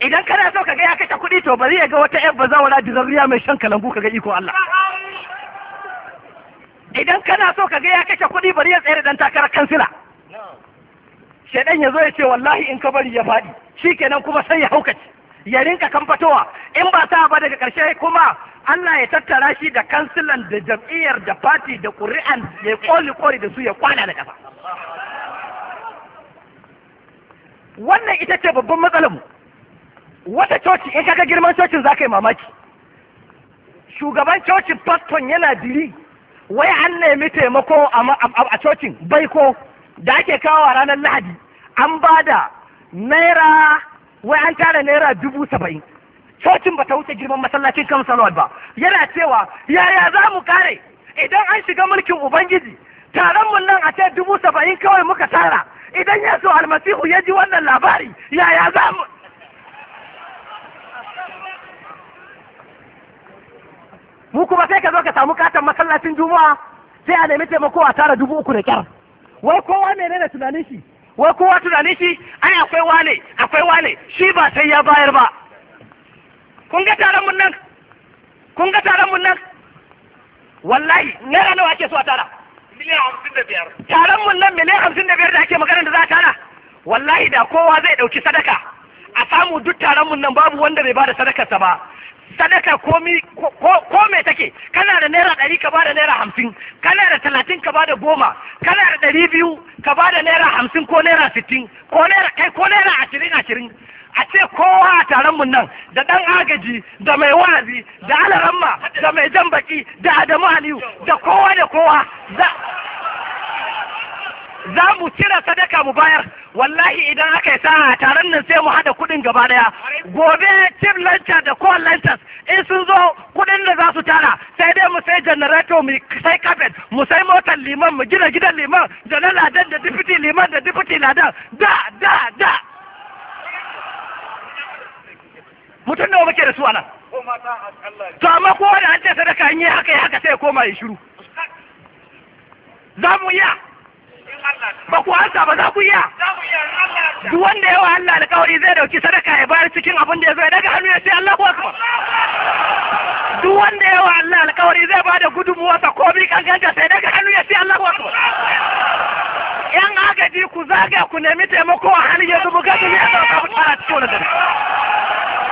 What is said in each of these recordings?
idan kana so ka ga ya kashe kuɗi to bari ya ga wata yan bazawara dizarriya mai shan kalangu ka ga iko Allah idan kana so ka ga ya kashe kuɗi bari ya tsere dan takarar kansila shedan ya zo ya ce wallahi in ka bari ya faɗi shikenan kuma sai ya haukace ya rinka kamfatowa in ba sa ba daga ƙarshe kuma Allah ya tattara shi da kansilan da jam'iyyar da fati da ƙuri'an ya koli koli da su ya kwana da kafa wannan ita ce babban matsalar mu wata coci in kaga girman cocin za ka yi mamaki shugaban coci paston yana diri wai an nemi taimako a cocin baiko da ake kawo a ranar lahadi an ba da naira wai an tara naira dubu saba'in cocin ba ta wuce girman masallacin kan ba yana cewa yaya za mu kare idan an shiga mulkin ubangiji taron mun nan a ce dubu saba'in kawai muka tara idan ya so almasihu ya ji wannan labari yaya za mu mu kuma sai ka zo ka samu katon masallacin juma'a sai a nemi taimako a tara dubu uku da kyar wai kowa ne menene tunanin shi wai kowa tunanin shi ai akwai wane akwai wane shi ba sai ya bayar ba kun ga taron mun nan kun ga taron mun nan wallahi naira nawa ake so a tara miliyan hamsin da biyar taron mun nan miliyan hamsin da biyar da ake magana da za a tara wallahi da kowa zai ɗauki sadaka a samu duk taron mun nan babu wanda bai bada sadakarsa ba sadaka ko me take kana da naira ɗari ka bada naira hamsin kana da talatin ka bada goma kana da ɗari biyu ka bada naira hamsin ko naira sittin ko naira kai ko naira ashirin ashirin a ce kowa a taron mun nan da ɗan agaji da mai wazi da alaramma da mai jan baki da adamu aliyu da kowa da kowa za mu cire sadaka mu bayar wallahi idan aka yi sa'a taron nan sai mu hada kuɗin gaba daya gobe chief lancer da call lancers in sun zo kuɗin da za su tara sai dai mu sai janareto mu sai carpet mu sai motar liman mu gina gidan liman da na ladan da deputy liman da deputy ladan da da da mutum ne muke da su anan to amma kowa da an ce sadaka an yi haka ya haka sai koma ya shiru za mu iya ba ku ansa ba za ku iya duk wanda yawa Allah alƙawari zai dauki sadaka ya bayar cikin abin da ya zo ya daga hannu ya ce Allahu akbar duk wanda yawa Allah alƙawari zai ba da gudunmuwa ko bi kankanta sai daga hannu ya ce Allahu akbar yan agaji ku zaga ku nemi taimako a hannun yanzu mu gani ne a sauka mu fara cikin wani dare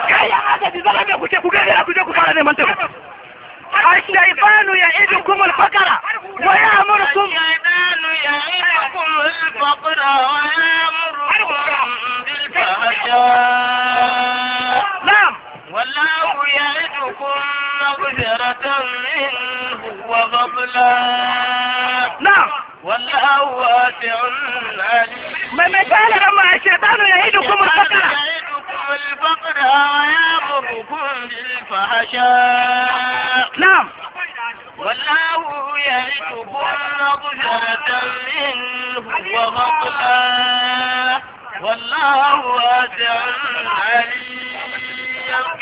kai yan agaji zama me kuke ku gani ku je ku fara neman taimako الشيطان يعدكم الفقر ويأمركم نعم والله واسع ما الشيطان يعيدكم الفقر يعيدكم الفقر ويأمركم بالفحشاء نعم والله يعدكم مغفرة منه وفضلا والله واسع عليم.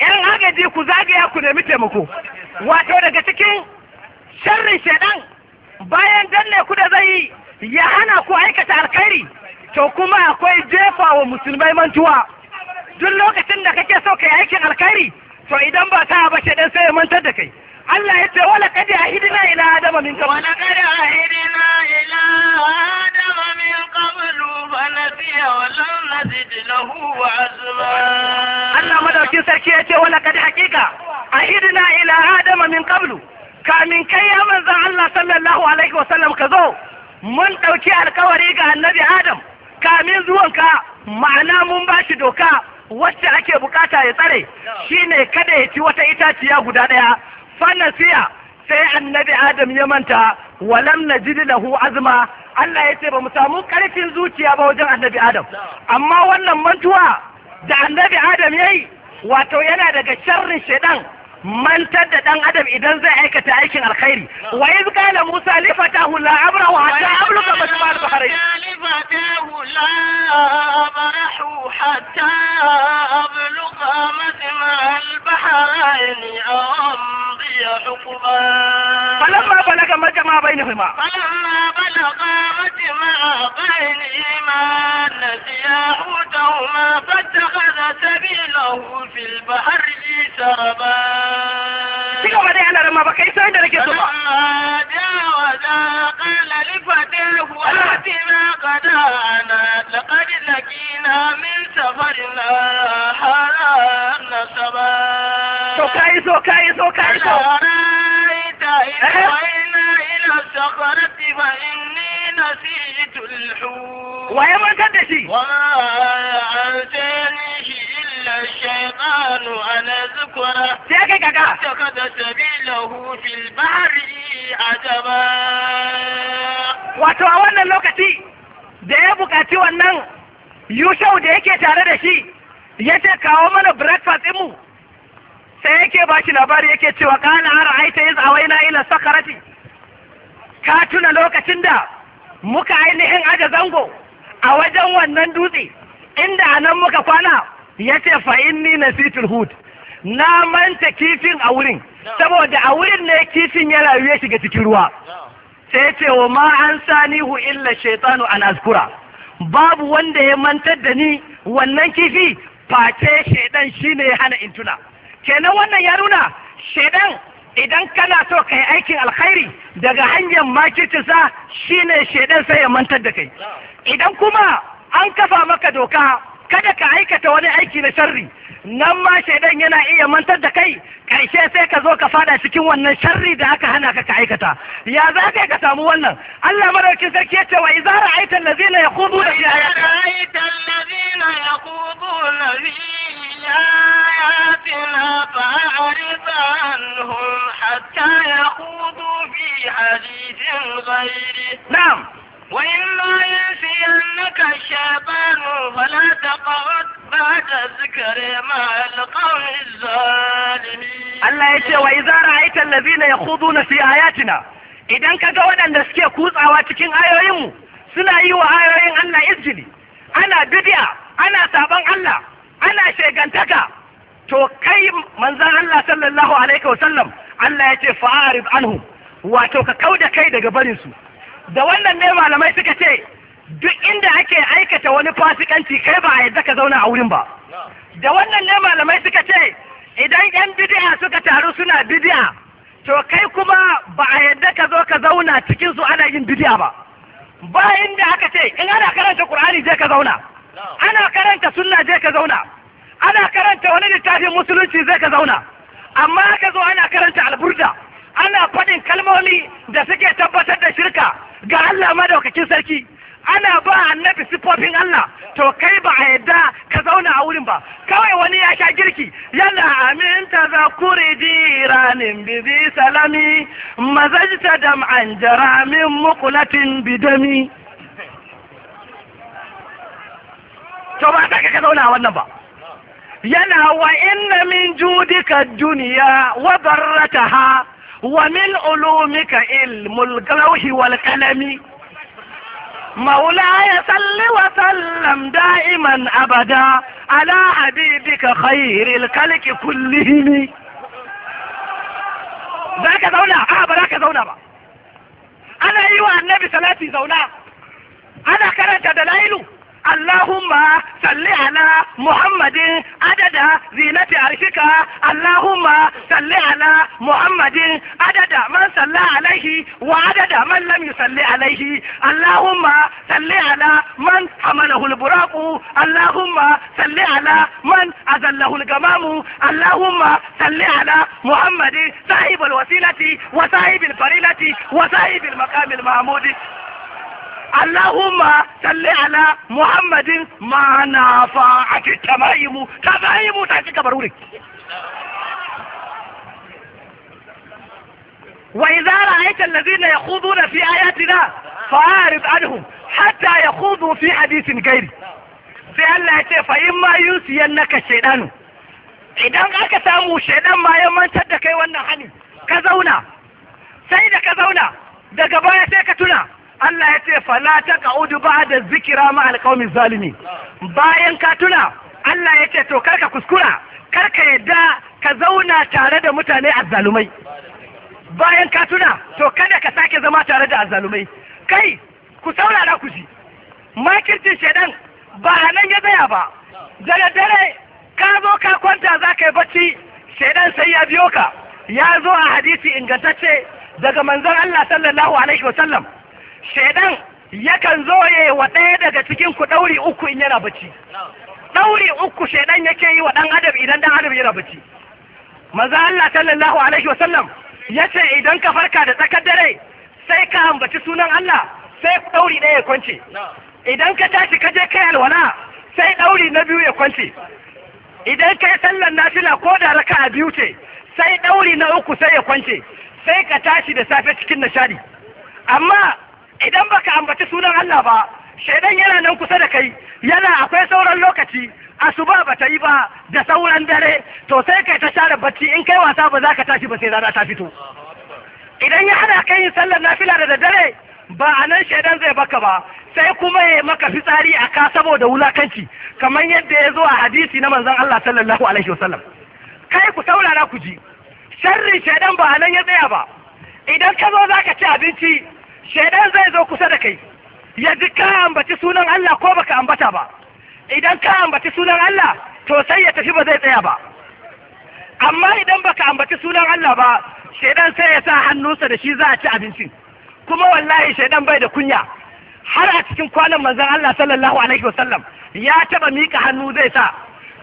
‘Yan agaji ku zagaya ku nemi taimako, wato daga cikin sharrin shaidan bayan danne ku da zai yi ya hana ku aikata alkhairi to kuma akwai jefa wa musulmai mantuwa duk lokacin da kake so kai aikin alkhairi to idan ba ka ba shaidan sai ya mantar da kai Allah ya ce wala kad ahidina ila adama min qabl wala kad ahidina ila adama min qabl fa nasiya wa lam nazid lahu azma Allah madaukin sarki ya ce wala kad haqiqa ahidina ila adama min qablu kamin kai ya manzan Allah sallallahu alaihi wasallam ka zo mun ɗauki alkawari ga annabi Adam kamin zuwanka ma'ana mun ba shi doka wacce ake bukata ya tsare shine kada ya ci wata itaciya guda ɗaya fanasiya sai annabi Adam ya manta walam najid lahu azuma. Allah ya ce ba mu samu karfin zuciya ba wajen annabi Adam amma wannan mantuwa da annabi Adam yayi wato yana daga sharrin shaidan من تد دان ادم اذا زي تعيش ايكين الخير وإذ قال موسى لفتاه لا عبر حتى أبلغ مجمع البحرين لفتاه لا أبرح حتى أبلغ مجمع البحرين أمضي حقبا فلما بلغ مجمع بينهما فلما بلغ مجمع بينهما نسيا حوتهما فاتخذ سبيله في البحر سربا Cigaba da yanar ma baka isa inda nake so ba. لقد لقينا من سفرنا هذا نصبا كايزو كايزو كايزو رأيت إذا وإنا إلى الصخرة فإني نسيت الحوت وما أنتني الشيطان أن أذكره اتخذ سبيله في البحر عجبا wato a wannan lokaci da ya bukaci wannan yushau da yake tare da shi ya ce kawo mana breakfast ɗinmu sai yake ba shi labari yake cewa kana har aita yi zawai na ila sakarati ka tuna lokacin da muka ainihin aja zango a wajen wannan dutse inda a nan muka kwana ya ce fa'in ni na sitin hud na manta kifin a wurin saboda a wurin ne kifin ya rayu ya shiga cikin ruwa sai ce wa ma an hu illa shaitanu an azkura babu wanda ya mantar da ni wannan kifi face shaidan shine ya hana intuna kenan wannan ya nuna shaidan idan kana so ka yi aikin alkhairi daga hanyar shi ne shaidan sai ya mantar da kai idan kuma an kafa maka doka kada ka aikata wani aiki na sharri nan ma shaidan yana iya mantar da kai karshe sai ka zo ka fada cikin wannan sharri da aka hana ka ka aikata ya za ka ka samu wannan Allah madaukin sarki yace wa idza ra'aita allazina yaquduna fi ayatina yaquduna fi ayatina fa'rid anhum hatta yaqudu fi hadithin ghairi na'am وإما ينسينك الشيطان فلا تقعد بعد الذكر مع القوم الظالمين الله يشاء وإذا رأيت الذين يخوضون في آياتنا idan ka ga waɗanda suke kutsawa cikin ayoyinmu suna yi wa ayoyin Allah izini. ana bidiya ana sabon Allah ana shegantaka to kai manzan Allah sallallahu alaihi wasallam Allah ya ce fa'arib anhu wato ka kauda kai daga barinsu da wannan ne malamai suka ce duk inda ake aikata wani fasikanci kai ba a yadda ka zauna a wurin ba da wannan ne malamai suka ce idan yan bidi'a suka taru suna bidi'a to kai kuma ba a yadda ka zo ka zauna cikin su ana yin bidi'a ba ba inda aka ce in ana karanta qur'ani je ka zauna ana karanta sunna je ka zauna ana karanta wani littafin musulunci zai ka zauna amma aka zo ana karanta alburda ana faɗin kalmomi da suke tabbatar da shirka ga Allah madaukakin sarki ana ba annabi sifofin Allah to kai ba a yadda ka zauna a wurin ba kawai wani ya sha girki yana aminta za kuri bibi salami mazajta dam an jaramin mukulatin bidami to ba ta ka zauna a wannan ba yana wa inna min judika duniya wa barrataha ومن علومك علم القلوح والقلم مولاي صل وسلم دائما أبدا على حبيبك خير الكلك كلهم ذاك زونا اه بذاك زونا بقى انا ايوه النبي صلاتي زونا انا كانت دلائله اللهم صل على محمد عدد زينة عرشك اللهم صل على محمد عدد من صلى عليه وعدد من لم يصلي عليه اللهم صل على من حمله البراق اللهم صل على من أذله الجمام اللهم صل على محمد صاحب الوسيلة وصاحب الفريلة وصاحب المقام المعمود Allahumma salli ala Muhammadin ma na fa a ce tamayimu tamayimu ta cika baruri wa idza ra'aita alladhina yakhuduna fi ayatina fa'arid anhum hatta yakhudu fi hadisin, gairi. sai Allah ya ce fa in ma naka shaidanu. idan aka samu shaidan ma ya mantar da kai wannan hani ka zauna sai da ka zauna daga baya sai ka tuna Allah ya ce fa ta ka'udu ba da zikira ma alƙawmin zalimi bayan ka tuna Allah ya ce to karka kuskura karka yadda ka zauna tare da mutane azzalumai bayan ka tuna to kada ka sake zama tare da azzalumai kai ku saurara ku ji makircin shaidan ba nan ya zaya ba daga dare ka zo ka kwanta za ka yi bacci shaidan sai ya biyo ka ya zo a hadisi ingantacce daga manzon Allah sallallahu alaihi wasallam shaidan yakan zo ya yi wa ɗaya daga cikin ku ɗauri uku in yana bacci ɗauri uku shaidan yake yi wa ɗan adam idan ɗan adam yana bacci maza Allah sallallahu alaihi wa sallam ya ce idan ka farka da tsakar dare sai ka ambaci sunan Allah sai ɗauri ɗaya ya kwance idan ka tashi ka je kai alwala sai ɗauri na biyu ya kwance idan ka yi sallar nafila ko da raka a biyu ce sai ɗauri na uku sai ya kwance sai ka tashi da safe cikin nishadi amma idan baka ambaci sunan Allah ba shaidan yana nan kusa da kai yana akwai sauran lokaci asuba ba ta yi ba da sauran dare to sai kai ta share bacci in kai wasa ba za ka tashi ba sai rana ta fito idan ya hana kai yin sallar nafila da daddare ba a nan shaidan zai baka ba sai kuma ya maka fitsari a ka saboda wulakanci kamar yadda ya zo a hadisi na manzon Allah sallallahu alaihi wasallam kai ku saurara ku ji sharri shaidan ba a nan ya tsaya ba idan ka zo za ka ci abinci shaidan zai zo kusa da kai ya ji ka ambaci sunan Allah ko baka ambata ba idan ka ambaci sunan Allah to sai ya tafi ba zai tsaya ba amma idan baka ambaci sunan Allah ba shaidan sai ya sa hannunsa da shi za a ci abincin kuma wallahi shaidan bai da kunya har a cikin kwanan manzon Allah sallallahu alaihi wasallam ya taba mika hannu zai sa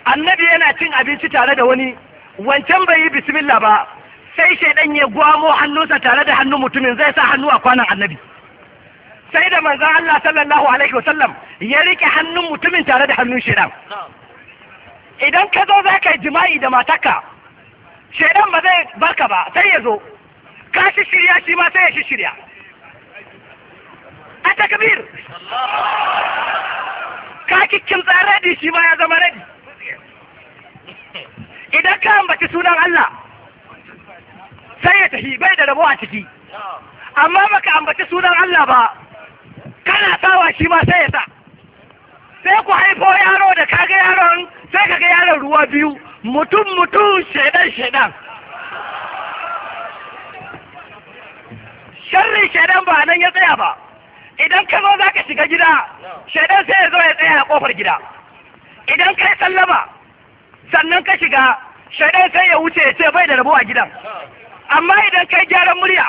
annabi yana cin abinci tare da wani wancan bai yi bismillah ba sai shaidan ya gwamo hannunsa tare da hannun mutumin zai sa hannu a kwanan annabi sai da manzan Allah sallallahu alaihi wasallam ya rike hannun mutumin tare da hannun shaidan idan ka zo za ka yi jima'i da mataka shaidan ba zai barka ba sai ya zo ka shi shirya shi ma sai ya shi shirya a takbir ka kikkin tsare shi ma ya zama radi idan ka ambaci sunan Allah sai ya tafi bai da rabo a ciki amma baka ambaci sunan Allah ba kana sawa shi ma sai ya sa sai ku haifo yaro da kaga yaron sai kaga yaron ruwa biyu mutum mutum shaidan shaidan sharri shaidan ba nan ya tsaya ba idan ka zo za shiga gida shaidan sai ya zo ya tsaya a kofar gida idan kai sallama sannan ka shiga shaidan sai ya wuce ya ce bai da rabo a gidan amma idan kai gyaran murya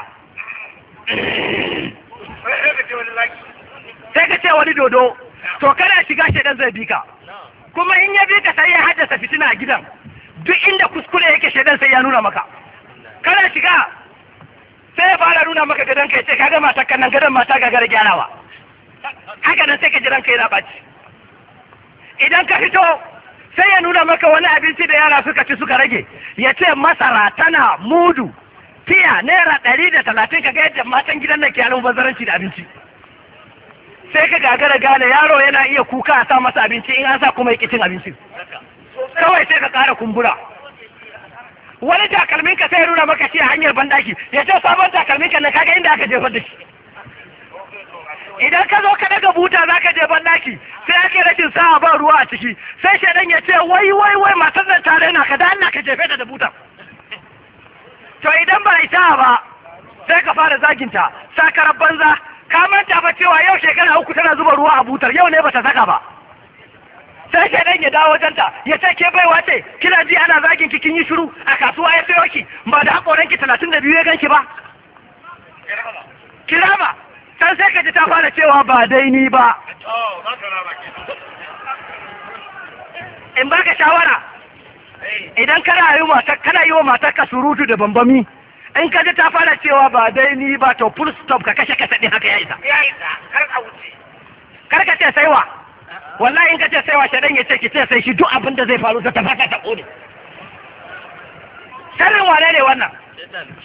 sai ka ce wani dodo to kana shiga shaidan zai bi ka kuma in ya bi ka sai ya haddasa fitina a gidan duk inda kuskure yake shaidan sai ya nuna maka kana shiga sai ya fara nuna maka gadon kai ce kaga mata kannan gadon mata gagara gyarawa haka nan sai ka jiran kai na baci idan ka fito sai ya nuna maka wani abinci da yara suka ci suka rage ya ce masara tana mudu fiya naira ɗari da talatin ka ga yadda matan gidan nan ke bazaranci da abinci sai ka gagara gane yaro yana iya kuka a sa masa abinci in an sa kuma ya cin abinci kawai sai ka ƙara kumbura wani takalmin ka sai nuna maka shi a hanyar banɗaki ya ce sabon takalmin ka na kaga inda aka jefar da shi idan ka zo ka daga buta za ka je banɗaki sai ake rashin sa'a ba ruwa a ciki sai shaidan ya ce wai wai wai matar da tare na ka da ka jefe ta da butan to idan ba isa ba sai ka fara zaginta sakarar banza ka manta ba cewa yau shekara uku tana zuba ruwa a butar yau ne ba ta saka ba sai dan ya dawo wajenta ya ce ke baiwa ce kina ji ana zagin ki kin yi shiru a kasuwa ya sayo ki ba da hakoran ki 32 ya ganki ba kirama san sai ka ji ta fara cewa ba dai ni ba in baka shawara idan kana yi mata kana yi wa matarka surutu da bambami in ka ji ta fara cewa ba dai ni ba to full stop ka kashe kasa din haka ya isa ya isa kar ka wuce kar ka ce saiwa wallahi in ka ce saiwa shedan ya ce ki ce sai shi duk abin da zai faru da tafasa ta kone sharrin wane ne wannan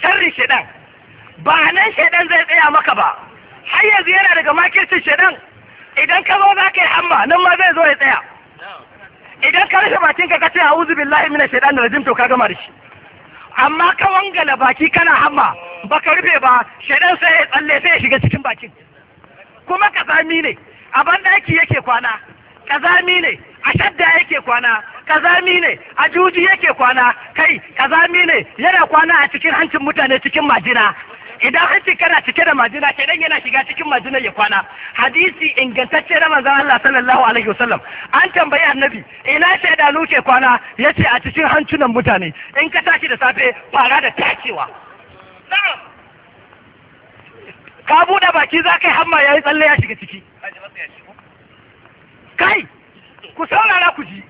sharrin shedan ba nan shedan zai tsaya maka ba har yanzu yana daga makircin shedan idan ka zo za ka yi hamma nan ma zai zo ya tsaya idan ka rufe bakin ka kace a'udhu billahi minash shaitanir rajim to ka gama da shi amma ka wangala baki kana hamma baka rufe ba shaitan sai ya tsalle sai ya shiga cikin bakin kuma kazami ne a yake yake kwana kazami ne a shadda yake kwana kazami ne a juji yake kwana kai kazami ne yana kwana a cikin hancin mutane cikin majina idan an kana cike da majina shedan yana shiga cikin majina ya kwana hadisi ingantacce na manzon Allah sallallahu alaihi wasallam an tambayi annabi ina da luke kwana yace a cikin hancunan mutane in ka tashi da safe fara da tacewa ka bude baki za ka yi hamma ya yi tsalle ya shiga ciki kai ku saurara ku ji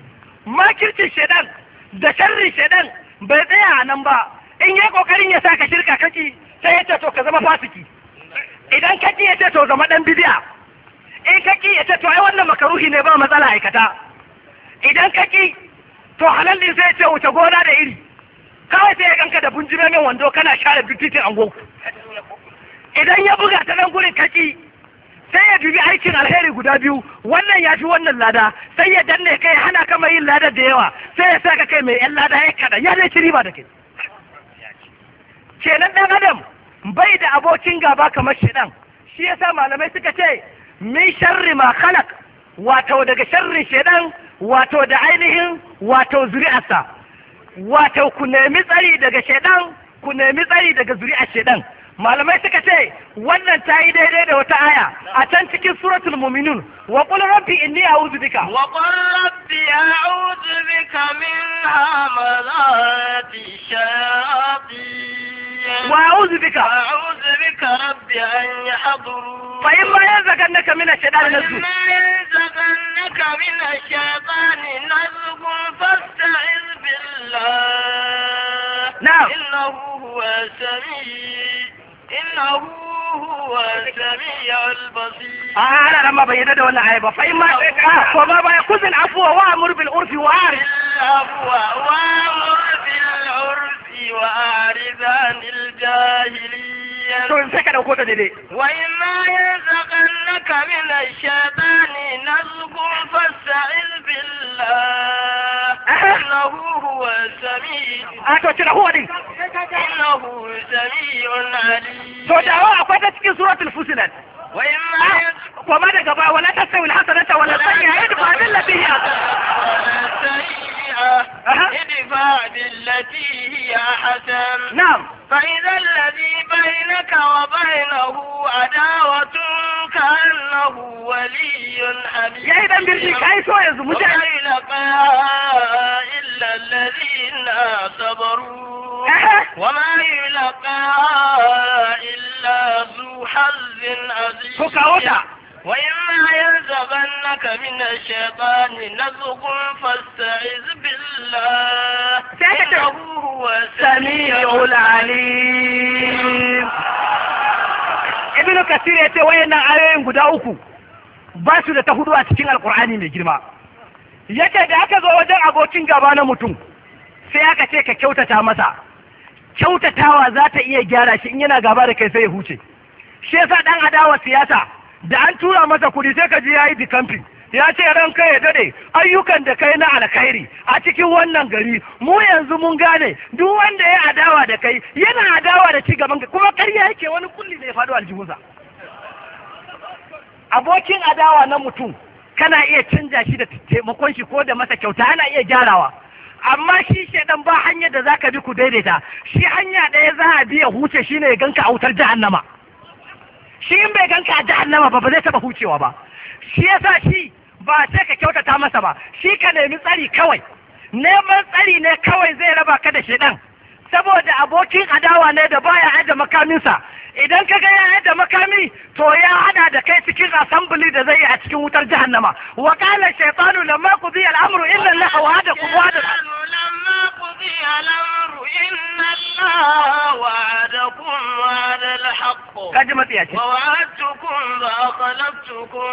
makircin shaidan da sharrin shaidan bai tsaya a nan ba in yi kokarin ya sa ka shirka kaki sai ya ce to ka zama fasiki idan ka ki ya ce to zama dan bibiya in ka ki ya ce to ai wannan makaruhi ne ba matsala aikata idan ka ki to halalli sai ya ce wuce gona da iri kawai sai ya ganka da bunjime wando kana share bititin ango idan ya buga ta nan gurin kaki sai ya dubi aikin alheri guda biyu wannan ya fi wannan lada sai ya danne kai hana kama yin lada da yawa sai ya sa ka kai mai yan lada ya kada ya dai ba da kai kenan ɗan adam bai da abokin gaba kamar shaidan shi yasa malamai suka ce min sharri ma khalaq wato daga sharrin shaidan wato da ainihin wato zuri'arsa wato ku nemi tsari daga shaidan ku nemi tsari daga zuri'ar shaidan malamai suka ce wannan ta yi daidai da wata aya a can cikin suratul muminun wa qul rabbi inni a'udhu bika wa qul rabbi a'udhu bika min hamazati shayatin وأعوذ بك وأعوذ بك ربي أن يحضرون فإما ينزغنك من الشيطان نزغ فإما ينزغنك من الشيطان نزغ فاستعذ بالله نعم إنه هو السميع إنه هو السميع البصير أنا آه، لما بيدد ولا عيبة فإما آه، فما بيكوز العفو وأمر بالعرف وأعرف العفو وأمر وأعرض عن الجاهلين وإما ينزغنك من الشيطان نزغ فاستعذ بالله إنه هو السميع إنه سميع عليم سوداء أقوى تسكي سورة الفصلت وإما وما دقبا ولا تستوي الحسنة ولا السيئة يدفع بالتي هي ادفع بالتي هي حسن نعم فإذا الذي بينك وبينه عداوة كأنه ولي حميد يا إذا برجيك هاي سوى يزو إلا الذين صبروا وما يلقى إلا ذو حظ عظيم وإما ينزغنك من Ibn Kasir ya ce wayannan ayoyin guda uku ba su da ta hudu a cikin Alkur'ani mai girma. ce da aka zo wajen abokin gaba na mutum sai aka ce ka kyautata masa. Kyautatawa za ta iya gyara shi in yana gaba da kai sai ya huce. Shi yasa dan adawa siyasa da an tura masa kuɗi sai ka ji ya yi dikamfin ya ce ranka ya dade ayyukan da kai na alkhairi a cikin wannan gari mu yanzu mun gane duk wanda ya adawa da kai yana adawa da ci gaban kuma karya yake wani kulli da ya faɗo aljihunsa abokin adawa na mutum kana iya canja shi da taimakon shi ko da masa kyauta ana iya gyarawa amma shi shaidan ba hanyar da zaka bi ku daidaita shi hanya ɗaya za a biya huce shine ya ganka a wutar jahannama shi in bai ganka a jahannama ba ba zai taba hucewa ba shi yasa shi ba sai ka kyautata masa ba shi ka nemi tsari kawai neman tsari ne kawai zai raba ka da shedan saboda abokin adawa ne da baya hada makaminsa idan ka ga ya hada makami to ya hada da kai cikin assembly da zai yi a cikin wutar jahannama wa qala shaytanu lamma qudiya al-amru illa Allah wa hada qubada ترجمتي يا شيخ ووعدتكم فأخلفتكم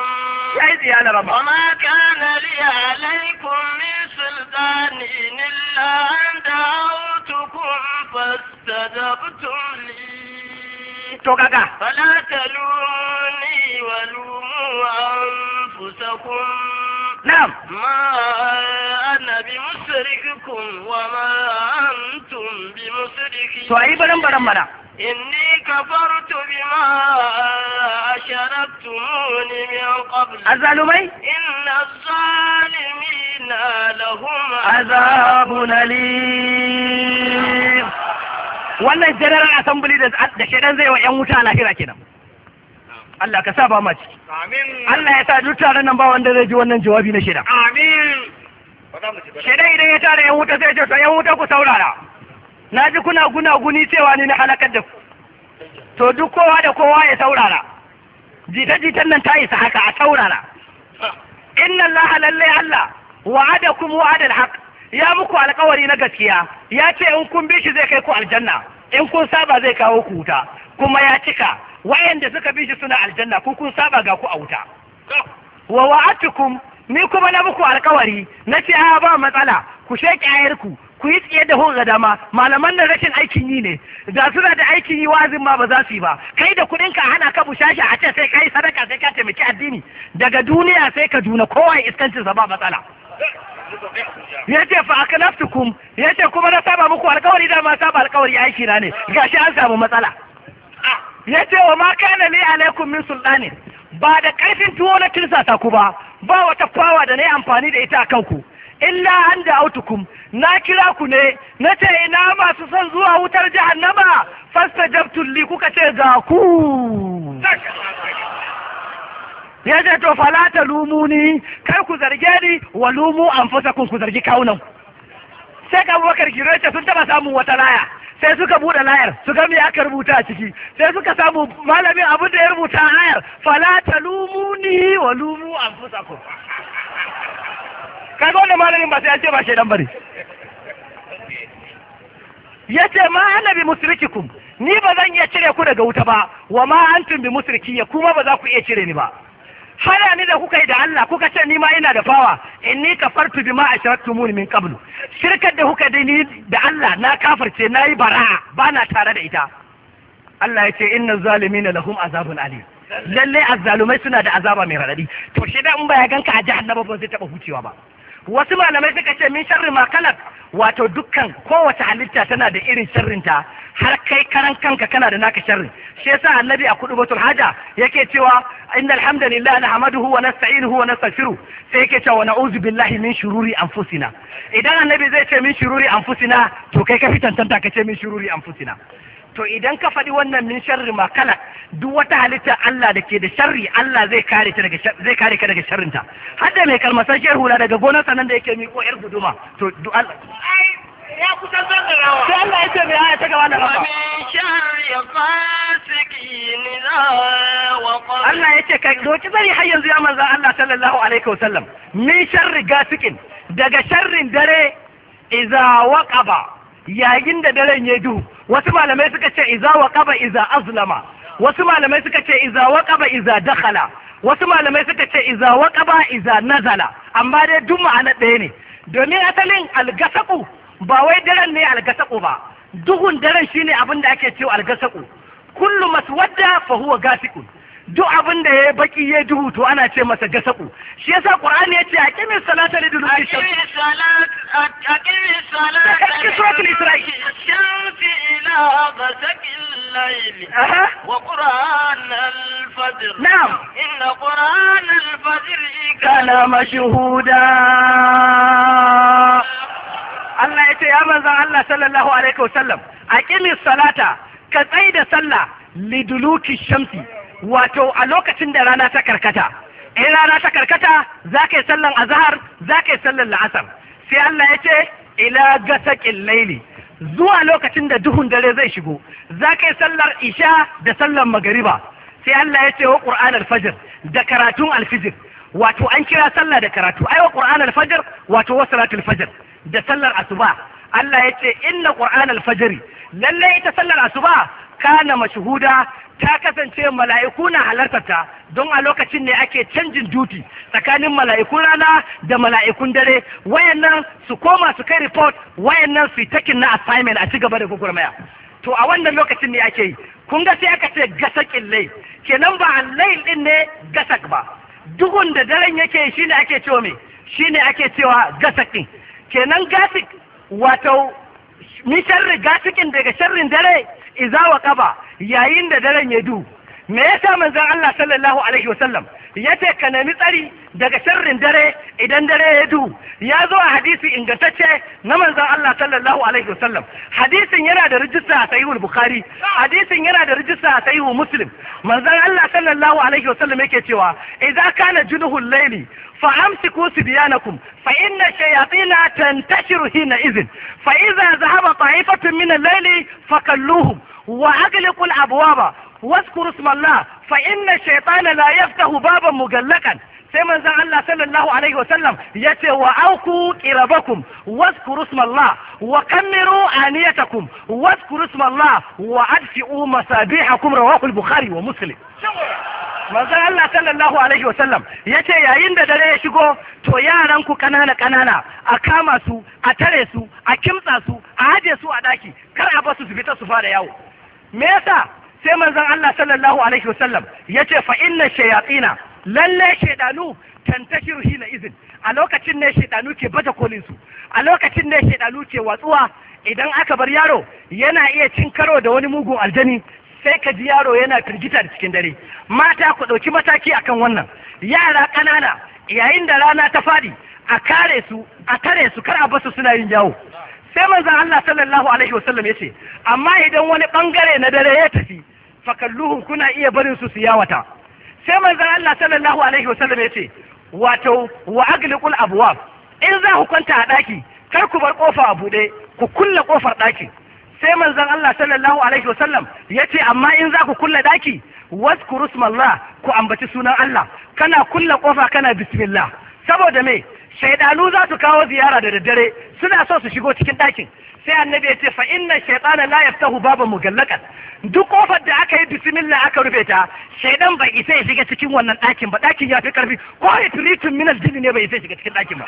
شهدي على ربك وما كان لي عليكم من سلطان إلا أن دعوتكم فاستجبتم لي فلا تلوني ولوموا أنفسكم نعم ما أنا بمصرخكم وما أنتم بمصرخي إني كفرت بما أشركتمون من قبل الظالمين إن الظالمين لهم عذاب أليم wannan general assembly da shaidan zai wa 'yan wuta lahira kenan Allah ka sa ba ma ciki Allah ya sa duk taron nan ba wanda zai ji wannan jawabi na shaidan amin shaidan idan ya tara 'yan wuta zai ce 'yan wuta ku saurara na ji kuna guna guni cewa ni na halakar da ku to duk kowa da kowa ya saurara jita-jitan nan ta isa haka a saurara inna Allah lallai Allah wa'adakum wa'adal haq ya muku alkawari na gaskiya ya ce in kun bi shi zai kai ku aljanna in kun saba zai kawo ku wuta kuma ya cika wayanda suka bi shi suna aljanna ku kun saba ga ku a wuta wa wa'atukum ni kuma na muku alkawari na ce a ba matsala ku sheki ayar ku ku yi tsaye da hon ga dama malaman nan rashin aikin yi ne da suna da aikin yi wazin ma ba za su yi ba kai da kuɗin ka hana ka bushashi a ce sai kai sadaka sai ka taimaki addini daga duniya sai ka juna kowa ya iskancin sa ba matsala ya ce fa akalaftukum ya ce kuma na saba muku alkawari dama saba alkawari aiki na ne gashi an samu matsala ya ce wa ma kana li alaikum min sultani ba da karfin tuwo na ta ku ba ba wata kwawa da na yi amfani da ita a kanku illa an da autukum na kira ku ne na ce ina masu son zuwa wutar jahannama fasta jabtulli kuka ce ga ku ya ce to falata ni kai ku zarge ni wa lumu an fasa kun ku zargi kawunan sai ka abubakar ce sun taba samun wata laya sai suka buɗe layar su ga aka rubuta a ciki sai suka samu malamin abin da ya rubuta a layar falata ni wa lumu an fasa kun kaga wannan malamin ba sai an ce ba shaidan Ya ce ma ana bi musrikikum ni ba zan iya cire ku daga wuta ba wa ma an tun bi ya kuma ba za ku iya cire ni ba hana ni da kuka yi da Allah kuka ce ni ma ina da fawa In ni ka ma a bima ashraktumuni min kablu shirkar da kuka da ni da Allah na kafarce yi nayi bara'a na tare da ita Allah ya ce inna na lahum azabun Ali. lalle azzalumai suna da azaba mai radadi to shi da in ba ya ganka a na ba zai taɓa hucewa ba wasu malamai suka ce min sharri ma kalak wato dukkan kowace halitta tana da irin sharrinta har kai karan kanka kana da naka sharrin shi yasa annabi a kudubatul haja yake cewa innal hamdalillah nahmaduhu wa nasta'inuhu wa nastaghfiruh sai yake cewa na'udzu billahi min shururi anfusina idan annabi zai ce min shururi anfusina to kai ka fitantanta ka ce min shururi anfusina to idan ka faɗi wannan min sharri ma kalak duk wata halitta Allah da ke da sharri Allah zai kare ta daga zai kare ka daga sharrinta hadda mai kalmasan shehu hula daga gonar sanan da yake ko yar guduma to duk Allah ya kusan zangarawa sai Allah ya ce mai aya ta gaba da rafa Allah ya ce ka doki zari har yanzu ya manzo Allah sallallahu alaihi wasallam min sharri gasikin daga sharrin dare iza waqaba yayin da daren ya duhu wasu malamai suka ce iza waqaba iza azlama wasu malamai suka ce iza ba iza dakhala wasu malamai suka ce iza ba iza nazala amma dai duk ma'ana ɗaya ne domin asalin algasaku ba wai daren ne algasaku ba duhun daren shine abin da ake cewa algasaku kullu maswadda fa huwa gasiqun duk abin da ya baki ya duhu to ana ce masa gasaku shi yasa qur'ani ya ce aqimis salata li duluki shams aqimis salata aqimis salata kashi suratul isra'i shamsi ila ghasaqil layl wa qur'an al-fajr na'am inna qur'an al-fajr kana mashhuda Allah ya ce ya manzan Allah sallallahu alaihi wasallam aqimis salata ka tsaida sallah liduluki shamsi wato a lokacin da rana ta karkata in rana ta karkata za ka yi sallan azahar za ka yi sallan la'asar sai Allah ya ce ila gasaƙin laili zuwa lokacin da duhun dare zai shigo za ka yi sallar isha da sallar magariba sai Allah ya ce wa ƙur'an alfajir da karatun alfijir wato an kira sallah da karatu ai wa ƙur'an wato wa salatul fajr da sallar asuba Allah ya ce inna ƙur'an alfajiri lallai ita sallar asuba kana mashhuda ta kasance mala'iku na halartarta don a lokacin ne ake canjin duti tsakanin mala'ikun rana da mala'ikun dare wayannan su koma su kai report wayannan su takin na assignment a ci gaba da maya. to a wannan lokacin ne ake yi kun ga sai aka ce gasakin lai kenan ba lail din ne gasak ba dugun da daren yake shine ake cewa me shine ake cewa gasakin kenan gasik wato ni sharri gasikin daga sharrin dare izawa wa yayin da daren ya duhu me yasa manzon Allah sallallahu alaihi wasallam ya ce ka nemi tsari daga sharrin dare idan dare ya duhu ya zo a hadisi ingantacce na manzon Allah sallallahu alaihi wasallam hadisin yana da rijista a sahihul bukhari hadisin yana da rijista a sahihul muslim manzon Allah sallallahu alaihi wasallam yake cewa idza kana junuhul layli fa amsiku sibyanakum fa inna shayatina tantashiru hina izin fa idza zahaba ta'ifatun min al-layli fakalluhum wa aghliqu al-abwaba واذكر اسم الله فإن الشيطان لا يفتح بابا مغلقا sai manzon Allah sallallahu alaihi wasallam ya ce wa auku qirabakum waskuru ismallah wa kammiru aniyatakum waskuru ismallah wa adfi'u masabihakum rawahu al-bukhari wa manzon Allah sallallahu alaihi wasallam ya ce yayin da dare ya shigo to yaran ku kanana kanana a kama su a tare su a kimtsa su a haje su a daki kar a basu su fita su fara yawo me yasa sai manzon Allah sallallahu alaihi wasallam yace fa inna shayatina lalle shaydanu tantashiru hina izin a lokacin ne shaydanu ke baje kolin su a lokacin ne shaydanu ke watsuwa idan aka bar yaro yana iya cin karo da wani mugun aljani sai ka ji yaro yana firgita da cikin dare mata ku ɗauki mataki akan wannan yara kanana yayin da rana ta fadi a kare su a tare su kar a basu suna yin yawo sai manzon Allah sallallahu alaihi wasallam yace amma idan wani bangare na dare ya tafi Fakalluhu kuna iya barin su su yawata sai manzon Allah sallallahu alaihi wasallam yace wato wa aglikul abwab in za ku kwanta a daki kar ku bar kofa a bude ku kulle kofar daki sai manzon Allah sallallahu alaihi wasallam yace amma in za ku kulle daki waskuru smallah ku ambaci sunan Allah kana kulle kofa kana bismillah saboda me shaidanu za su kawo ziyara da daddare suna so su shigo cikin ɗakin sai annabi ya ce fa inna shaytana la yaftahu baba mugallaqan duk kofar da aka yi bismillah aka rufe ta shaydan bai isa ya shiga cikin wannan ɗakin ba ɗakin ya fi karfi ko ifritun min aljinn ne bai isa ya shiga cikin ɗakin ba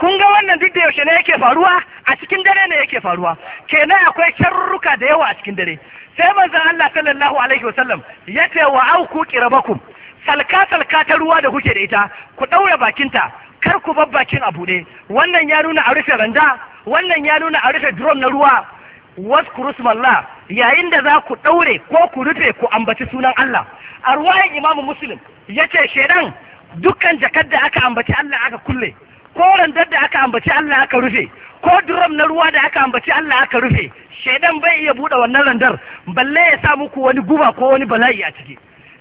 kun ga wannan duk da yaushe ne yake faruwa a cikin dare ne yake faruwa kenan akwai sharruka da yawa a cikin dare sai manzon Allah sallallahu alaihi wasallam ya ce wa auku qirabakum salka salka ta ruwa da kuke da ita ku daura bakinta kar ku bar bakin abu ne wannan ya nuna a rufe randa wannan ya nuna a rufe drum na ruwa Wasu kurusmalla yayin da za ku ɗaure ko ku rufe ku ambaci sunan Allah a ruwayan imamu muslim ya ce shaidan dukkan jakar da aka ambaci Allah aka kulle ko randar da aka ambaci Allah aka rufe ko drum na ruwa da aka ambaci Allah aka rufe shaidan bai iya buɗe wannan randar balle ya sa muku wani guba ko wani bala'i a ciki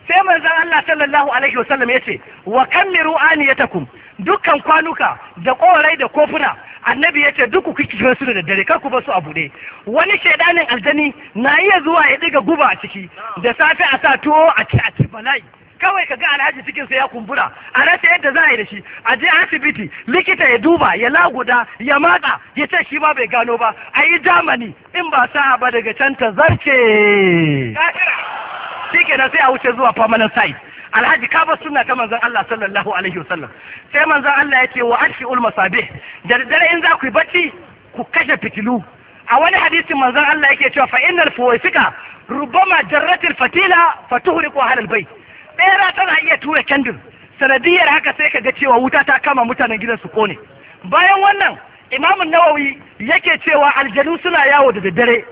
sai manzon Allah sallallahu alaihi wasallam ya ce wa kam ya ru'aniyatakum dukkan kwanuka da korai da kofuna annabi ya ce duk ku su da dare kar ku basu a buɗe wani shaidanin aljani na iya zuwa ya diga guba a ciki da safe a sa tuwo a ci a ci bala'i kawai ka ga alhaji cikin sa ya kumbura a rasa yadda za a yi da shi a je asibiti likita ya duba ya laguda ya matsa ya ce shi ba bai gano ba a yi jamani in ba sa ba daga can ta zarce shi kenan sai a wuce zuwa permanent site alhaji ka bar sunna ta manzon Allah sallallahu alaihi wasallam sai manzon Allah ya ce wa ashiul masabih da dare in za ku yi bacci ku kashe fitilu a wani hadisin manzon Allah yake cewa fa innal fuwaisika rubama jarratil fatila fatuhriqu ahlal bai bera tana iya tura kyandir sanadiyar haka sai ka ga cewa wuta ta kama mutanen gidan su kone bayan wannan imamun nawawi yake cewa aljanu suna yawo da daddare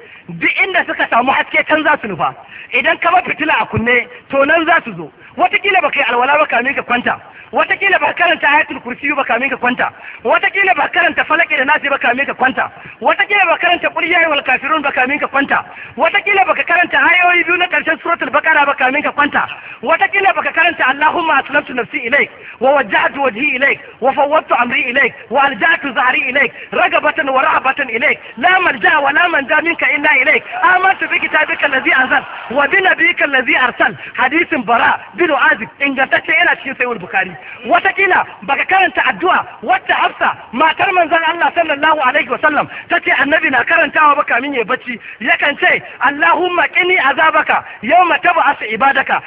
duk inda suka samu haske can za su nufa idan kama fitila a kunne to nan za su zo watakila ba kai alwala ba kamin ka kwanta watakila ba karanta ayatul kursi ba kamin ka kwanta watakila ba karanta falaki da nasi ba kamin ka kwanta watakila ba karanta qul ya ayyuhal kafirun ba kamin ka kwanta watakila ba karanta ayoyi biyu na karshen suratul baqara ba kamin ka kwanta watakila ba karanta allahumma aslamtu nafsi ilaik wa wajjahtu wajhi ilaik wa fawwadtu amri ilaik wa alja'tu zahri ilaik ragabatan wa rahabatan ilaik la malja wa la manja minka illa ilaik amantu bi kitabika allazi anzal wa bi nabiyyika allazi arsal hadithin bara bin azib ingantacce yana cikin sayyid bukhari watakila baka karanta addu'a wata hafsa matar manzon Allah sallallahu alaihi wasallam tace annabi na karantawa baka kamin ya bacci yakan ce Allahumma qini azabaka yawma tab'as ibadaka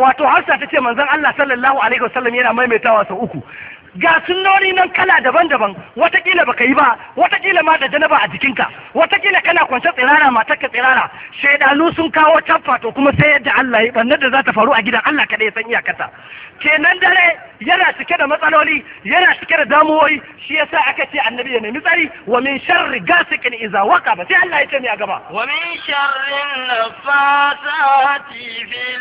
wato hafsa tace manzon Allah sallallahu alaihi wasallam yana maimaitawa sau uku ga sunnoni nan kala daban-daban watakila baka yi ba watakila ma da janaba a jikinka watakila kana kwance tsirara ka tsirara shaidanu sun kawo caffa to kuma sai yadda Allah ya bannar da za ta faru a gidan Allah kada ya san iyakarta kenan dare yana cike da matsaloli yana cike da damuwoyi shi yasa aka ce annabi ya nemi tsari wa min sharri gasikin iza waka ba sai Allah ya ce mai a gaba wa min sharrin nafasati fil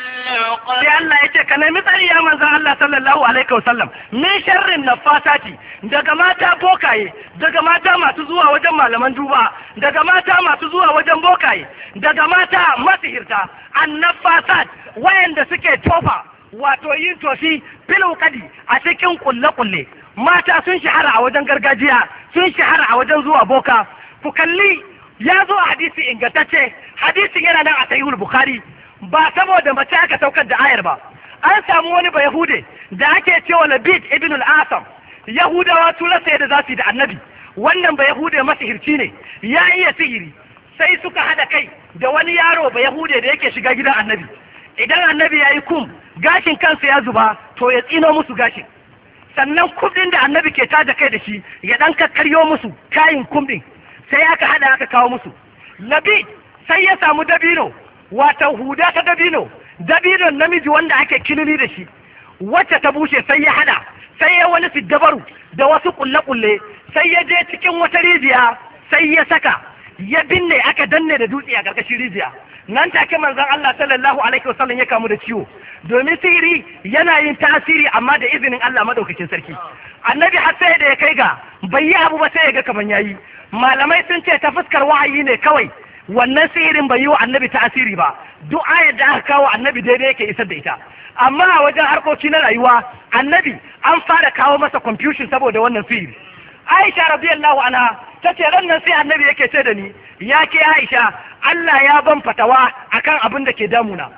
sai Allah ya ce ka nemi tsari ya manzon Allah sallallahu alaihi wasallam min sharri minan nafasati daga mata bokaye daga mata masu zuwa wajen malaman duba daga mata masu zuwa wajen bokaye daga mata masihirta annafasat wayanda suke tofa wato yin tofi filokadi a cikin kulle-kulle mata sun shahara a wajen gargajiya sun shahara a wajen zuwa boka ku kalli ya zo a hadisi ingantacce hadisin yana nan a sahihul bukhari ba saboda mace aka saukar da ayar ba an samu wani bayahude da ake cewa labid ibn al-asam yahudawa su rasa yadda za da annabi wannan ba yahude masihirci ne ya iya sihiri sai suka hada kai da wani yaro ba yahude da yake shiga gidan annabi idan annabi ya yi kum gashin kansa ya zuba to ya tsino musu gashin sannan kudin da annabi ke tada kai da shi ya ɗan kakkaryo musu kayin kumɗin sai aka haɗa aka kawo musu labid sai ya samu dabino wata huda ta dabino dabinon namiji wanda ake kilili da shi wacce ta bushe sai ya hada sai ya wani siddabaru da wasu kulle-kulle sai ya je cikin wata rijiya sai ya saka ya binne aka danne da dutse a ƙarƙashin rijiya nan take manzon Allah sallallahu alaihi wasallam ya kamu da ciwo domin sihiri yana yin tasiri amma da izinin Allah madaukakin sarki annabi har sai da ya kai ga bai yi abu ba sai ya ga kaman yayi malamai sun ce ta fuskar wahayi ne kawai wannan sihirin bai yi wa annabi tasiri ba duk ayar da aka kawo annabi daidai yake isar da ita amma a wajen harkoki na rayuwa annabi an fara kawo masa confusion saboda wannan fili aisha radiyallahu anha ta ce nan sai annabi yake ce da ni ya ke aisha Allah ya ban fatawa akan abin da ke damuna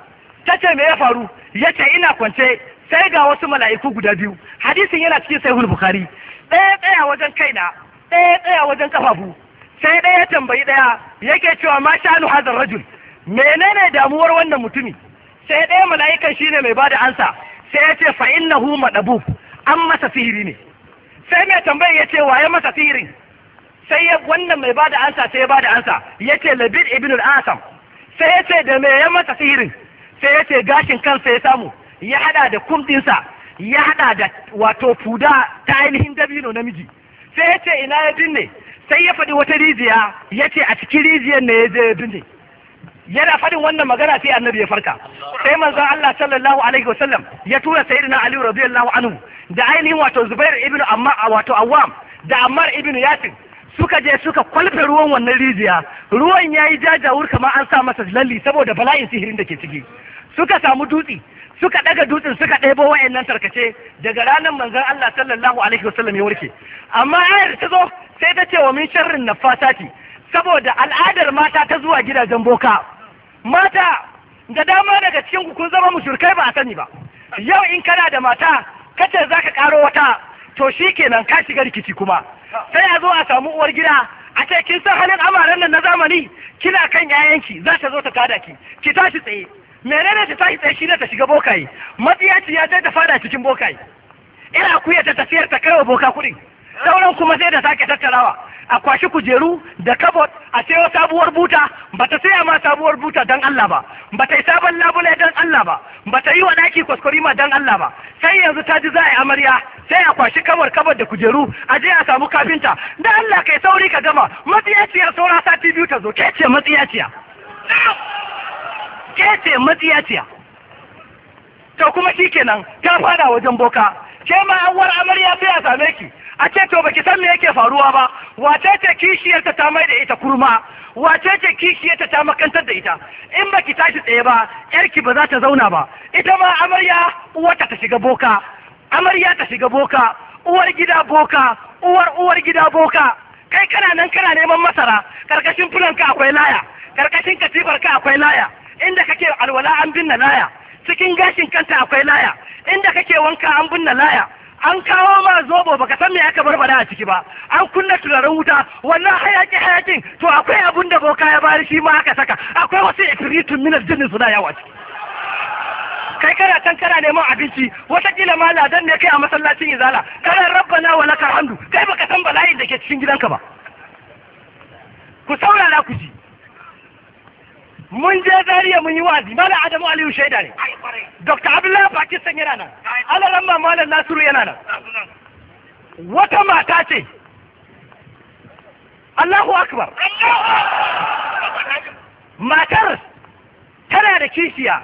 ta ce me ya faru ya ce ina kwance sai ga wasu mala'iku guda biyu hadisin yana cikin sahihul bukhari ɗaya ɗaya wajen kaina ɗaya ɗaya wajen kafafu sai ɗaya tambayi ɗaya yake cewa ma sha'anu hadar rajul menene damuwar wannan mutumi sai ɗaya mala'ikan shine mai bada ansa sai ya ce fa innahu madabu an masa sihiri ne sai mai tambayar ya ce waye masa sihirin sai ya wannan mai bada ansa sai ya bada ansa ya ce labid ibn al-asam sai ya ce da me ya masa sihirin sai ya ce gashin kansa ya samu ya hada da kumdinsa ya hada da wato fuda ta ainihin dabino namiji sai ya ce ina ya binne sai ya faɗi wata rijiya ya ce a cikin rijiyar ne ya je ya binne yana faɗin wannan magana sai annabi ya farka sai manzon Allah sallallahu alaihi wasallam ya tura sayyidina Ali radiyallahu anhu da ainihin wato Zubair ibn Amma wato Awwam da Ammar ibn Yasir suka je suka kwalfe ruwan wannan rijiya ruwan yayi jajawur kamar an sa masa lalli saboda bala'in sihirin da ke ciki suka samu dutse suka daga dutsen suka ɗebo wa'annan tarkace daga ranar manzon Allah sallallahu alaihi wasallam ya warke amma ayar ta zo sai ta ce wa min sharrin nafasati saboda al'adar mata ta zuwa gidajen boka mata da dama daga cikin kun zama mushrikai ba a sani ba yau in kana da mata kace zaka karo wata to shi kenan ka shiga rikici kuma sai a zo a samu uwar gida a ce kin san halin amaren nan na zamani kina kan yayanki za ta zo ta kada ki ki tashi tsaye menene ta tashi tsaye shine ta shiga bokaye matsiyaci ya je ta fada cikin bokaye ina kuya ta tafiyar ta kaiwa boka kuɗi sauran kuma sai da sake tattarawa a kwashi kujeru da kabot a sayo sabuwar buta bata saya ma sabuwar buta dan Allah ba bata yi sabon labule dan Allah ba bata yi wa daki ma dan Allah ba sai yanzu ta ji za a yi amarya sai a kwashi kamar kabar da kujeru a je a samu kafinta da Allah kai sauri ka gama matsiyaciya saura sati biyu ta zo ke ce matsiyaciya ke ce to kuma shikenan ta fara wajen boka ke ma awwar amarya sai a same ki a ce to baki san me yake faruwa ba wace ce kishiyarta ta mai da ita kurma wace ce kishiyarta ta makantar da ita in baki tashi tsaye ba yarki ba za ta zauna ba ita ma amarya uwarta ta shiga boka amarya ta shiga boka uwar gida boka uwar uwar gida boka kai kana nan kana neman masara karkashin fulanka akwai laya karkashin ka akwai laya inda kake alwala an binne laya cikin gashin kanta akwai laya inda kake wanka an binne laya an kawo ma zobo baka san me aka barbada a ciki ba an kunna turaren wuta wannan hayaki hayakin to akwai abun da boka ya bari shi ma aka saka akwai wasu ifritun minas jinnin suna yawa ciki kai kana can kana neman abinci watakila ma ladan ne kai a masallacin izala kana rabbana wa lakal hamdu kai baka san bala'in da ke cikin gidanka ba ku saurara ku ji mun je zariya mun yi wazi malam adamu aliyu shaida ne dr abdullahi pakistan yana nan alaran malam nasiru yana nan wata mata ce allahu akbar matar tana da kishiya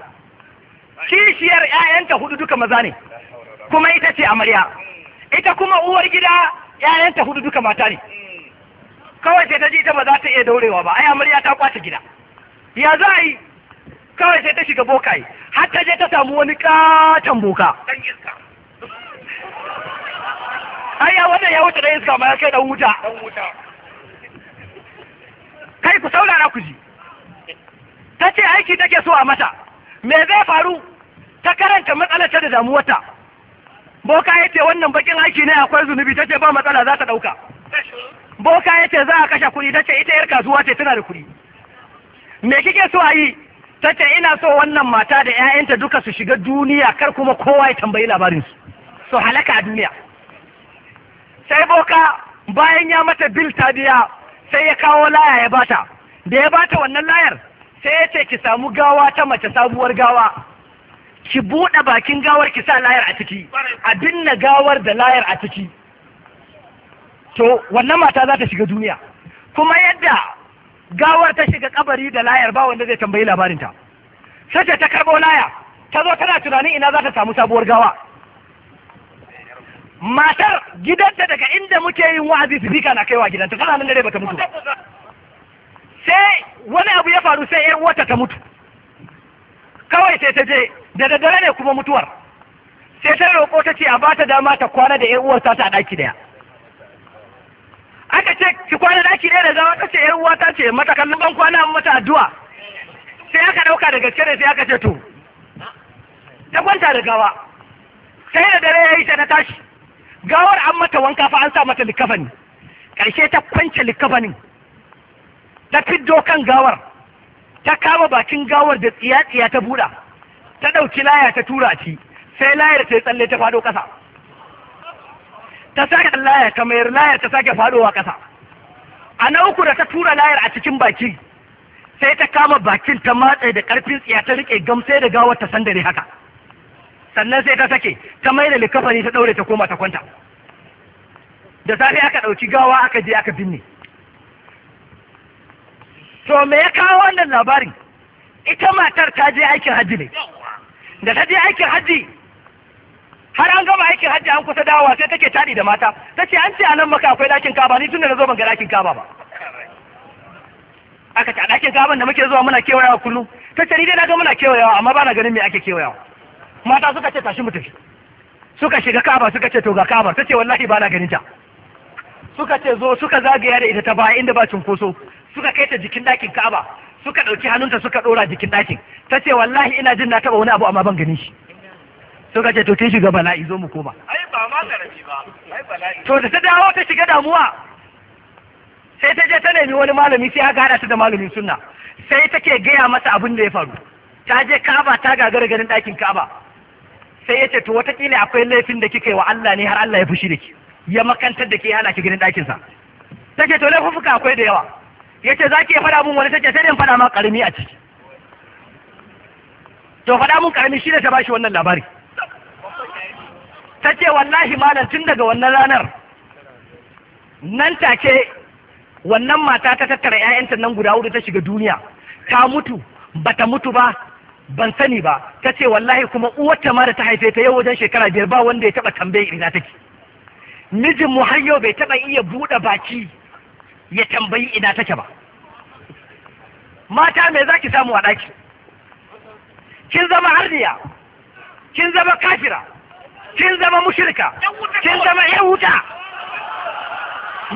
kishiyar 'ya'yanta hudu duka maza ne kuma ita ce amarya mm. ita kuma uwar gida 'ya'yanta hudu duka mata ne mm. kawai sai ta ji ita ba za ta iya daurewa ba ai amarya ta kwace gida ya za a yi kawai sai ta shiga bokaye har ta je ta samu wani katon boka ai ya wannan ya wuce da iska ma ya kai da wuta kai ku saurara ku ji ta ce aiki take so a mata me zai faru ta karanta matsalar ta da damuwarta boka ya ce wannan bakin aiki ne akwai zunubi ta ce ba matsala za ta ɗauka boka ya ce za a kashe kuɗi ta ce ita yar kasuwa ce tana da kuɗi me kike so a yi tace ina so wannan mata da 'ya'yanta duka su shiga duniya kar kuma kowa ya tambayi labarinsu su halaka a duniya sai boka bayan ya mata bil ta biya sai ya kawo laya ya bata da ya bata wannan layar sai ya ce ki samu gawa ta mace sabuwar gawa ki buɗe bakin gawar ki sa layar a ciki a binne gawar da layar a ciki to wannan mata za ta shiga duniya kuma yadda gawar ta shiga kabari da layar ba wanda zai tambayi labarinta sai ta karbo laya ta zo tana tunanin ina za ta samu sabuwar gawa matar gidanta daga inda muke yin wa'azi su bika na kaiwa gidanta kana nan dare bata mutu sai wani abu ya faru sai yan wata ta mutu kawai sai ta je da daddare ne kuma mutuwar sai ta roƙo ta ce a bata dama ta kwana da yan uwarta ta a ɗaki ɗaya. aka ce ki kwana daki ɗaya da zawa ta ce yar uwa ta ce mata kallon ban kwana mata addu'a sai aka ɗauka da gaske ne sai aka ce to ta kwanta da gawa sai da dare yayi ta na tashi gawar an mata wanka fa an sa mata likafani karshe ta kwance likafanin ta fiddo kan gawar ta kama bakin gawar da tsiyatsiya ta buɗa ta ɗauki laya ta tura ci sai layar ta tsalle ta fado ƙasa ta sake layar ta mayar layar ta sake faɗowa ƙasa a na uku da ta tura layar a cikin baki sai ta kama bakin ta matse da karfin tsiya ta rike gamsa da gawar ta sandare haka sannan sai ta sake ta mai da likafani ta ɗaure ta koma ta kwanta da safe aka ɗauki gawa aka je aka binne to me ya kawo wannan labarin ita matar ta je aikin hajji ne da ta je aikin hajji har an gama aikin hajji an kusa dawowa sai take tadi da mata tace an ce a nan maka akwai dakin kaba ni tunda nazo ban ga dakin kaba ba aka ce a dakin kaba da muke zuwa muna kewayawa kullum tace ni dai naga muna kewayawa amma ba na ganin me ake kewayawa mata suka ce tashi mu tafi suka shiga kaba suka ce to ga kaba tace wallahi ba na ganin ta suka ce zo suka zagaya da ita ta baya inda ba cunkoso suka kai ta jikin dakin kaba suka ɗauki hannunta suka ɗora jikin dakin tace wallahi ina jin na taba wani abu amma ban ganin shi suka ce to kin shiga bala'i zo mu koma ai ba ma karami ba ai bala'i to da ta dawo ta shiga damuwa sai ta je ta nemi wani malami sai aka hada ta da malamin sunna sai take gaya masa abin da ya faru ta je kaba ta gagara ganin ɗakin kaba sai ya ce to watakila akwai laifin da kika yi wa Allah ne har Allah ya fushi da ki ya makantar da ke hana ki ganin ɗakinsa ta ce to laifuka akwai da yawa ya ce za ki iya faɗa mun wani ta ce sai in faɗa ma ƙarami a ciki to faɗa mun ƙarami shi ne ta bashi wannan labari ta ce wallahi malam tun daga wannan ranar nan take wannan mata ta tattara 'ya'yanta nan guda hudu ta shiga duniya ta mutu bata mutu ba ban sani ba ta ce wallahi kuma uwarta ma da ta haife ta yau wajen shekara biyar ba wanda ya taba tambaye ina take mijin mu har yau bai taba iya buɗe baki ya tambayi ina take ba mata me zaki samu a ɗaki kin zama harniya kin zama kafira kin zama mushirka kin zama yan wuta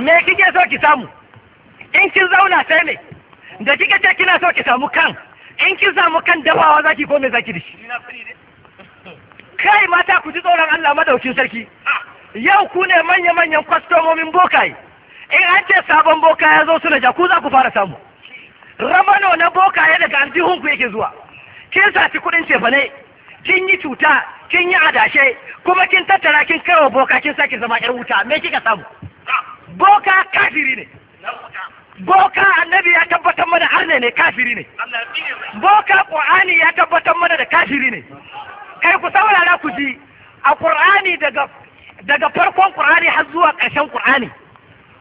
me kike so ki samu in kin zauna sai ne da kike ce kina so ki samu kan in kin samu kan dabawa zaki ko me zaki dishi kai mata ku ji tsoron Allah madaukin sarki yau ku ne manya manyan kwastomomin bokaye in an ce sabon boka ya zo suna ja ku za ku fara samu ramano na bokaye daga aljihun ku yake zuwa kin safi kuɗin cefane kin yi cuta kin yi adashe kuma kin tattara kin kaiwa boka kin sake zama yar wuta me kika samu boka kafiri ne boka annabi ya tabbatar mana arne ne kafiri ne boka qur'ani ya tabbatar mana da kafiri ne kai ku saurara ku ji a qur'ani daga daga farkon qur'ani har zuwa ƙarshen qur'ani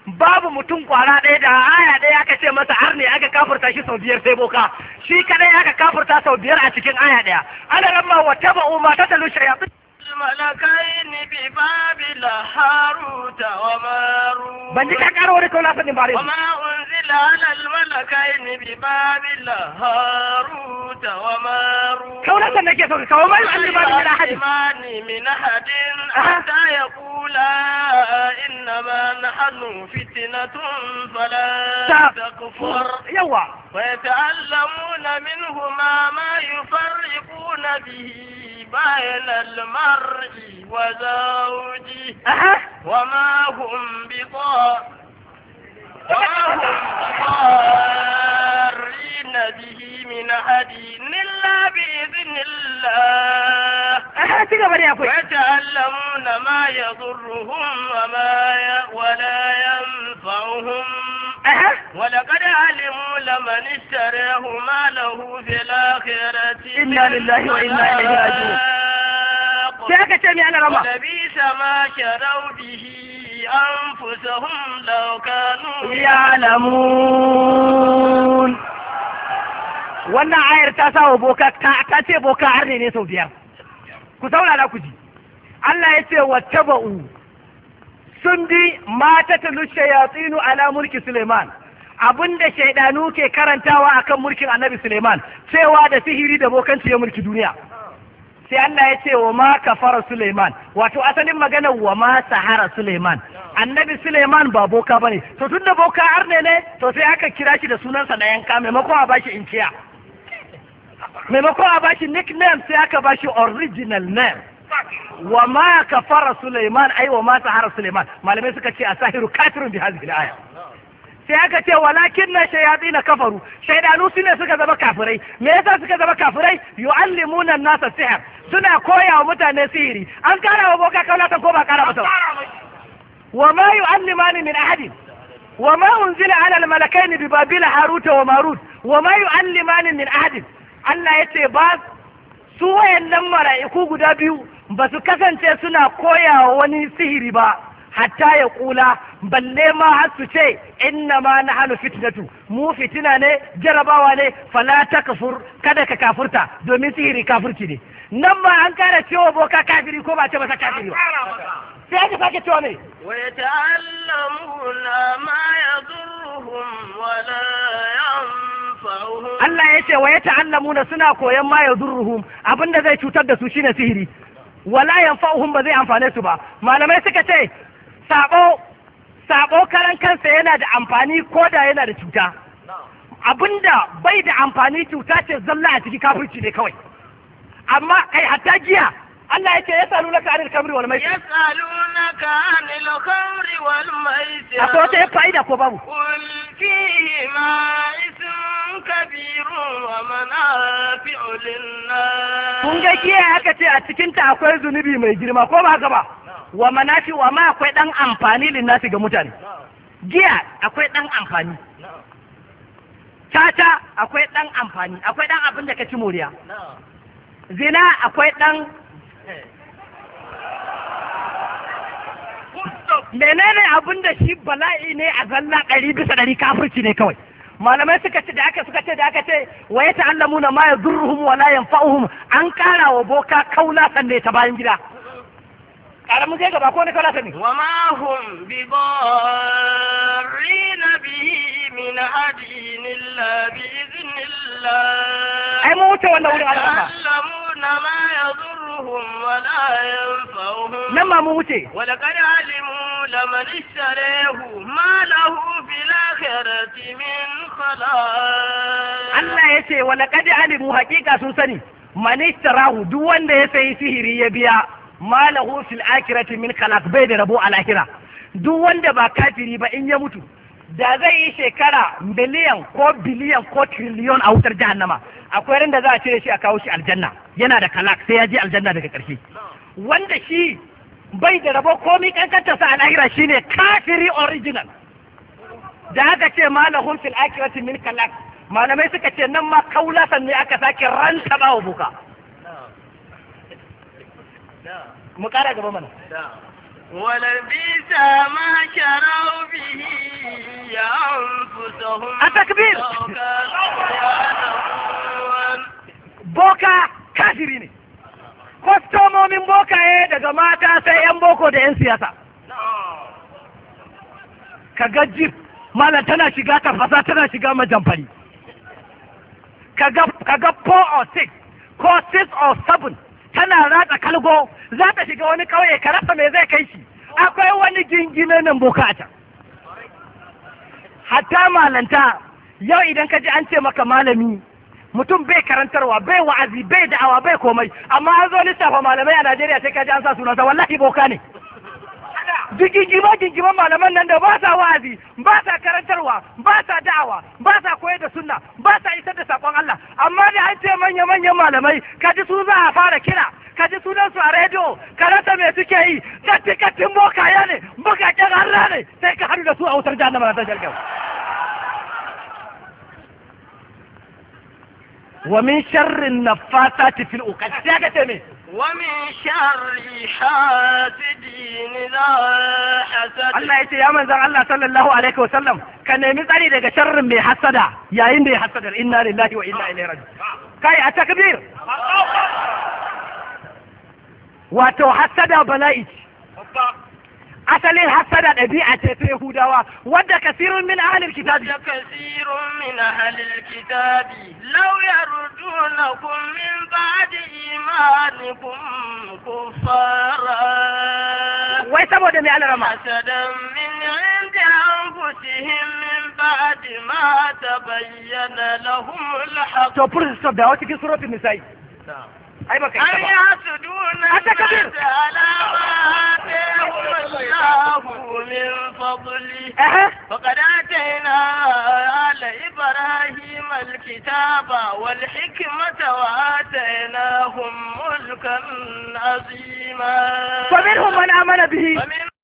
babu mutum kwara ɗaya da aya ɗaya aka ce masa har ne aka kafurta shi sau biyar sai boka shi kadai aka kafurta sau biyar a cikin aya ɗaya ana ramma wa ba'u umma ta talu الملكين ببابل هاروت وماروت بنجيكا كارو ريكو لافني وما أنزل على الملكين ببابل هاروت وماروت كونا سنكي سوكي كوما ما من أحد من أحد حتى يقولا إنما نحن فتنة فلا تكفر يوا ويتعلمون منهما ما يفرقون به بين المرء وزوجه وما هم بضار وما هم بضارين به من أحد إلا بإذن الله ويتعلمون ما يضرهم وما ولا ينفعهم ولقد علموا لمن اشتريه ما له في الآخرة إنا لله وإنا إليه راجعون شاكة يا لرما لبيس ما شروا به أنفسهم لو كانوا يعلمون wannan ayar ta sa wa boka ta ce boka har ne sau biyar ku saurara ku ji Allah ya ce wa taba'u sun bi mata ya shayatinu ala mulki Suleiman da shaidanu ke karantawa akan mulkin Annabi Suleiman cewa da sihiri da bokanci ya mulki duniya sai Allah ya ce wa ma kafara Suleiman wato asalin magana wa ma sahara Suleiman annabi Suleiman ba boka bane to tun da boka arne ne to sai aka kira shi da sunansa na yanka maimakon a bashi inkiya maimakon a bashi nickname sai aka bashi original name wa ma kafara Sulaiman ai wa ma sahara Sulaiman malamai suka ce asahiru kafirun bi hadhihi al-aya sai aka ce walakin na shayatsi na kafaru shaidanu su ne suka zama kafirai me yasa suka zama kafirai yu'allimuna nasa sihir suna koya wa mutane sihiri an kara wa boka kaula ta ko ba kara masa wa ma yu'allimani min ahadin wa ma unzila ala al-malakaini bi babila haruta wa marut wa ma yu'allimani min ahadin Allah yace ba su wayannan mala'iku guda biyu ba su kasance suna koya wa wani sihiri ba hatta ya kula balle ma har su ce inna ma na hannu fitnatu mu fitina ne jarabawa ne fala ta kafur kada ka kafurta domin sihiri kafurci ne nan ba an kara cewa boka kafiri ko ba ce masa kafiri ba sai aka sake cewa ne wa yata'allamuna ma yadurruhum wala yanfa'uhum Allah ya ce wa yata'allamuna suna koyon ma yadurruhum abinda zai cutar da su shine sihiri wala yanfa'uhum ba zai amfane su ba malamai suka ce sabo sabo karan kansa yana da amfani ko da yana da cuta abinda bai da amfani cuta ce zalla a ciki kafirci ne kawai amma kai hatta giya Allah yake ya salu laka anil kamri wal maisir ya salu laka anil kamri wal maisir akwai wata fa'ida ko babu Kulki ma ismun kabiru wa fi ulinna. kun ga kiyaye haka ce a cikin ta akwai zunubi mai girma ko ba gaba? Wa wa fi wa ma akwai dan amfani linnasi ga mutane giya akwai dan amfani caca akwai dan amfani akwai dan abin da ka ci moriya zina akwai dan menene abin da shi bala'i ne a zalla ɗari bisa ɗari kafirci ne kawai malamai suka ce da aka suka ce da aka ce wa ya ta'allamu na ma ya zurruhum wa la yanfa'uhum an kara wa boka kaula sanne ta bayan gida karamin sai gaba ko ne kala sani wa ma hum bi darrin bihi min hadin illa bi idhnillah ai mu wuce wannan wurin Allah na ma yadurruhum wa la yanfa'uhum nan ma mu wuce wa laqad alimu laman ishtarahu ma lahu fil akhirati min khalaq Allah yace wa laqad alimu hakika sun sani man ishtarahu duk wanda ya sayi sihiri ya biya Malam fil akhirati min khalaq bai da rabo a duk wanda ba kafiri ba in ya mutu da zai yi shekara miliyan ko biliyan ko triliyon a wutar jahannama akwai ran da za a cire shi a kawo shi aljanna yana da kalak sai ya je aljanna daga ƙarshe wanda shi bai da rabo komi kankanta sa a shine kafiri original da haka ce malahu fil akhirati min khalaq malamai suka ce nan ma san ne aka sake ranta bawo buka mu kara gaba mana ولبيس ما شروا به أنفسهم التكبير boka kafiri ne kwastomomin bokaye daga mata sai 'yan boko da 'yan siyasa ka ga jif mala tana shiga kafasa tana shiga majamfari ka ga 4 or 6 ko 6 or 7 tana ratsa kalgo za ta shiga wani kauye ka rasa me zai kai shi akwai wani gingime nan bukata hatta malanta yau idan ka ji an ce maka malami mutum bai karantarwa bai wa'azi bai da'awa bai komai amma an zo lissafa malamai a Najeriya sai ka ji an sa sunansa wallahi boka ne duk gigima malaman nan da ba sa wa'azi ba sa karantarwa ba sa da'awa ba sa koyar da sunna ba sa isar da sakon Allah amma da an ce manya manyan malamai ka ji su za a fara kira ka ji sunan su a rediyo ka rasa me suke yi katti kattin bokaya ne bukakken harra ne sai ka haɗu da su a wutar jahannama na tajar wa min sharrin nafasati fil uqad sai ka ce me ومن شر حاسد إذا حسد الله يتي يا من زن الله صلى الله عليه وسلم كان يمزعني لك شر من حسد يا إني حسد إنا لله وإنا إليه راجعون كاي التكبير واتو حسد بلائج asalin hasada ɗabi'a ce ta Yahudawa wadda kasirun min ahlil kitabi wadda kasirun min ahlil kitabi law yarudunakum min ba'di imanikum kuffara wai saboda me Allah rama hasadan min indi anfusihim min ba'di ma tabayyana lahum al-haq to pur stop da wata cikin suratul na'am ai baka yi ba hatta kabir فقد آتينا آل إبراهيم الكتاب والحكمة وآتيناهم ملكا عظيما فمنهم من آمن به